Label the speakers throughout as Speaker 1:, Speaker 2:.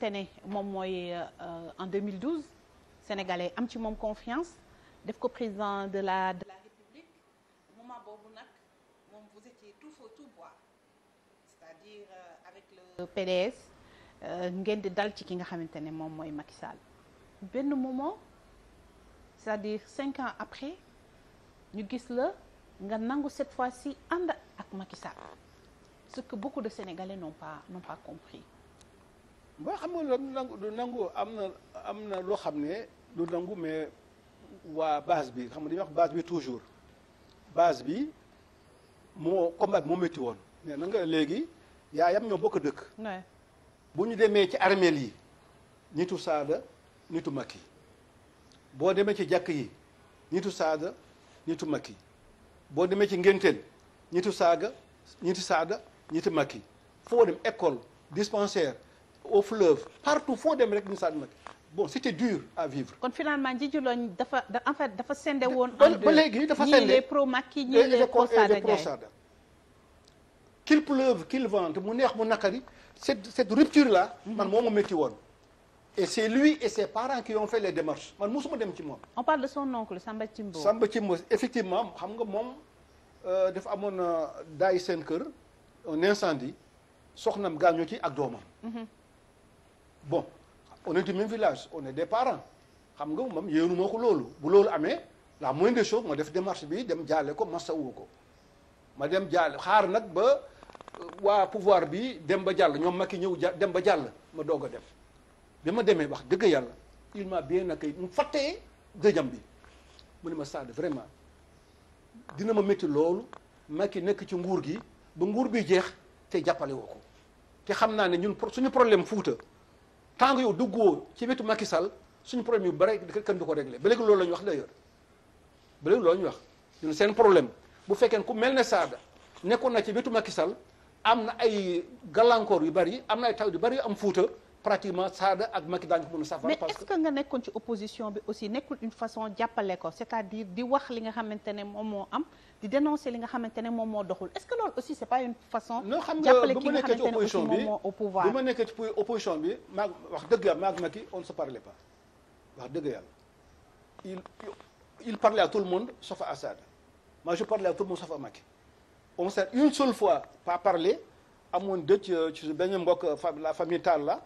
Speaker 1: xamante ne moom mooy euh, en 2012 sénégalais am ci moom confiance def ko président de la de la république moment boobu nag moom vous étiez tout feu tout bois c'est-à-dire euh, avec le PDS euh, ngeen di dal ci ki nga xamante ne moom mooy Macky Sall benn moment c'est-à-dire cinq ans après ñu gis la nga nangu cette fois-ci ànd ak Macky Sall ce que beaucoup de Sénégalais n'ont pas n'ont pas compris
Speaker 2: ba xam nga nangu du nangu am na am na loo xam ne lu nangu mais waa base bi xam nga dañuy wax base bi toujours base bi moo combat moo métti woon mais na nga léegi yaayam ñoo bokk dëkk. bu ñu demee ci armeel yi nitu saada nitu makki boo demee ci jàkk yi nitu saada nitu makki boo demee ci ngénteel nitu saaga nitu saada nitu makki foo dem école dispensaire. au fleuve partout foo dem rek ñu sànni nag bon c'était dur à vivre.
Speaker 1: kon finalement Djidji Lone dafa en fait dafa sende woon. en ba léegi dafa sende ñii les pro Macky ñii les pro Sada
Speaker 2: Ndiaye pleuve qu'il vente mu neex mu naqari cette cette rupture la man moo ma métti woon. et c'est lui et ses parents qui ont fait les démarches man musuma dem ci moom. on parle de son
Speaker 1: oncle Samba Thimbo. Samba
Speaker 2: Thimbo effectivement xam nga moom euh, dafa amoon euh, daay seen kër un incendie soxnam gaañoo ci ak doomam. Mm-hmm. bon on est du même village on est des parents xam nga moom yéenu moo ko loolu bu loolu amee la moindre des choses ma def démarche bi dem jaale ko masawu ko ma dem jaale xaar nag ba euh, waa pouvoir bi dem ba jàll ñoom ki ñëw ja dem ba jàll ma doog a def bi ma demee wax dëgg yàlla il m'a bien accueilli mu fattee dëjam bi mu ne ma Sadio vraiment dina ma métti loolu ki nekk ci nguur gi ba nguur bi jeex te jàppale woo ko te xam naa ne ñun suñu problème Fuuta tant que yow duggoo ci wetu Macky Sall suñu problème yu bare kenn du ko réglé ba léegi loolu la ñu wax d'ailleurs ba léegi loolu la ñu wax ñun seen problème bu fekkee ku mel ne Saada nekkoon na ci wetu Macky am na ay gàllankoor yu bari am na ay taw yu bari am fuuta pratiquement Sada ak Macky daañu ko mën a saafara. parce que mais est-ce
Speaker 1: que nga nekkoon ci opposition bi aussi nekkul une façon jàppale ko c'est-à-dire di wax li nga xamante ne moom moo am di dénoncer li nga xamante ne moom moo doxul est-ce que loolu aussi c'est pas une façon. jàppale ki nga xamante ne aussi moom moo au pouvoir bi ma
Speaker 2: nekkee ci opposition bi maa wax dëgg yàlla maa ngi Macky on ne se wax dëgg yàlla il il parlait tout le monde sauf a Sada moi je parlais à tout le monde on s'est une seule fois pas parlé amoon dëcc euh, ci benn mbokk euh, la famille Tall la.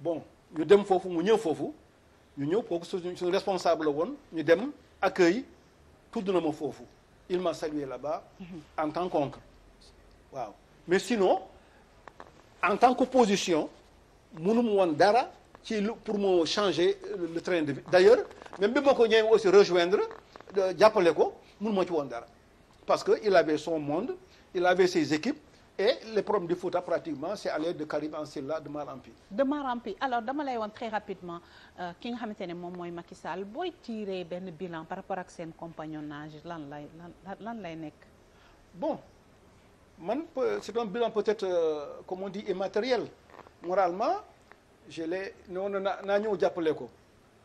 Speaker 2: bon ñu dem foofu mu ñëw foofu ñu ñëw kooku suñu suñu responsable la woon ñu dem accueil tudd na ma foofu il m'a salué là mm-hmm. en tant qu'oncle waaw mais sinon en tant qu'opposition mënum woon dara ci lu pour mu changer le train de vie d'ailleurs même bi ma ko aussi rejoindre euh, jàppale ko mënu ma ci woon dara parce que il avait son monde il avait ses équipes et les problèmes de Fouta pratiquement c'est aller de Karim en Silla de mal en pis.
Speaker 1: de mal en pis alors dama lay woon très rapidement euh, ki nga xamante ne moom mooy Macky Sall booy tirer benn bilan par rapport a seen compagnonnage lan lay lan lan lay nekk.
Speaker 2: bon man c'est un bilan peut-être euh, comme on dit immatériel moralement je l'ai noonu na naa ñëw jàppale ko.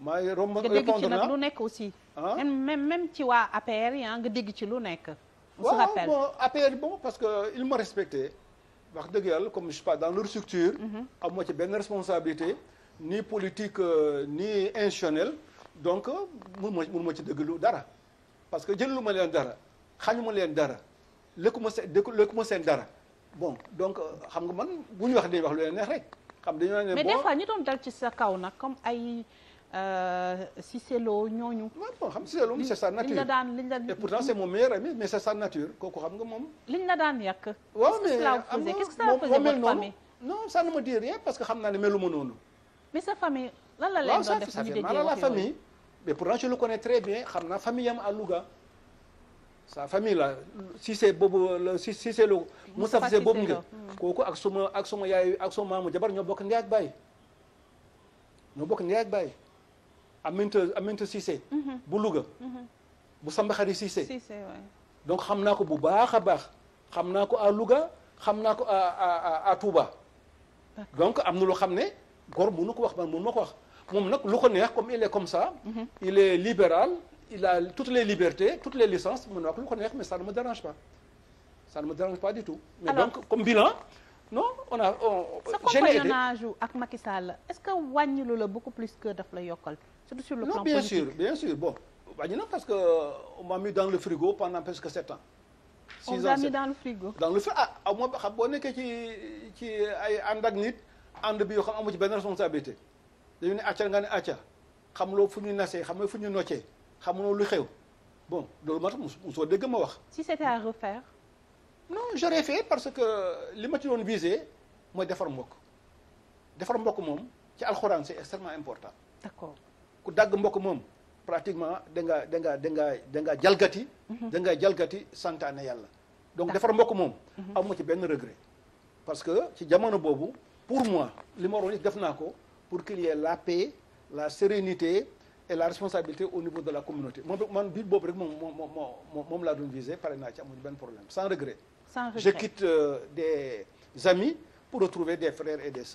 Speaker 2: maa ngi ci nekk aussi. Ah?
Speaker 1: même même ci waa APR yi ah, nga dégg ci lu nekk. on se rappelle bon
Speaker 2: APR bon parce que ils ma respecté wax dëgg yàlla comme je sais pas dans leur structure. Mhm. amoo ci benn responsabilité ni politique euh, ni institutionnelle donc euh, mënuma mënuma ci dëggalu dara parce que lu ma leen dara ma leen dara lëkkuma seen lëkkuma seen dara bon donc euh, xam nga man bu ñu wax dañuy wax lu leen neex rek. xam dañoo ne mais des ñu
Speaker 1: doon dal ci sa kaw nag comme ay. Euh, Cissé Lo ñooñu. waaw xam Cissé Lo sa nature liñ la daan liñ la et pourtant c'est
Speaker 2: mon meilleur sa nature kooku xam nga moom.
Speaker 1: liñ la daan yàq.
Speaker 2: waaw mais am na moom mel noonu non ça ne me dit rien parce que xam naa ne meluma noonu.
Speaker 1: mais sa famille lan la leen doon def ñu déggee waaw la famille.
Speaker 2: mais pourtant je très bien xam naa famille am a Louga. sa famille la Cissé boobu si Cissé Lo. Moustapha Cissé boobu nga hmm. kooku ak suma ak suma yaay ak suma maamu jabar ñoo bokk ndey ak baay ñoo bokk ndey ak baay Aminta Aminta Cissé. Mhm. bu Louga. Mhm. bu Sambaxari Cissé. Cissé waay donc xam naa ko bu baax a baax xam naa ko à Louga xam naa ko a à à Touba. donc am nu loo xam ne góor mënu ko wax man mënu ma ko wax moom nag lu ko neex comme il est comme ça. Mhm. il est libéral il a toutes les libertés toutes les licences mën na wax lu ko neex mais ça ne dérange pas ça ne dérange pas du tout. mais donc comme bilan. non on a on. sa compagnonnage
Speaker 1: ak Macky Sall est-ce que wàññilu la beaucoup plus que daf la yokkal. surtout sur le non, bien politique.
Speaker 2: bien sûr bon wàññi na parce que euh, on m'a mis dans le frigo pendant presque sept ans. six on ans on m'a mis dans le frigo. dans le frigo ah ah xam boo nekkee ci ci ay ànd ak nit ànd bi yoo xam amu ci benn responsabilité dañu ne acca nga ne acca loo fu ñu nasee xamuloo fu ñu xam xamuloo lu xew bon loolu moo tax mosoo dégg ma wax.
Speaker 1: si c'était à refaire.
Speaker 2: non j'aurais fait parce que li ma ci doon visé mooy defar mbokk defar mbokk moom ci alxuraan c'est extrêmement important. d'accord. ku dagg mbokk moom pratiquement da nga da nga da nga da nga jalgati mhm. da nga jalgati santaane yàlla donc defar mbokk moom mhm. amu ci benn regret parce que ci jamono boobu pour moi li ma waroon def naa ko pour qu'il y la paix la sérénité et la responsabilité au niveau de la communauté moom man biir boobu rek moom moom moom moom laa doon visé pare naa ci amuñu benn problème sans regret. je quitte euh, des amis pour retrouver des frères et des sœurs.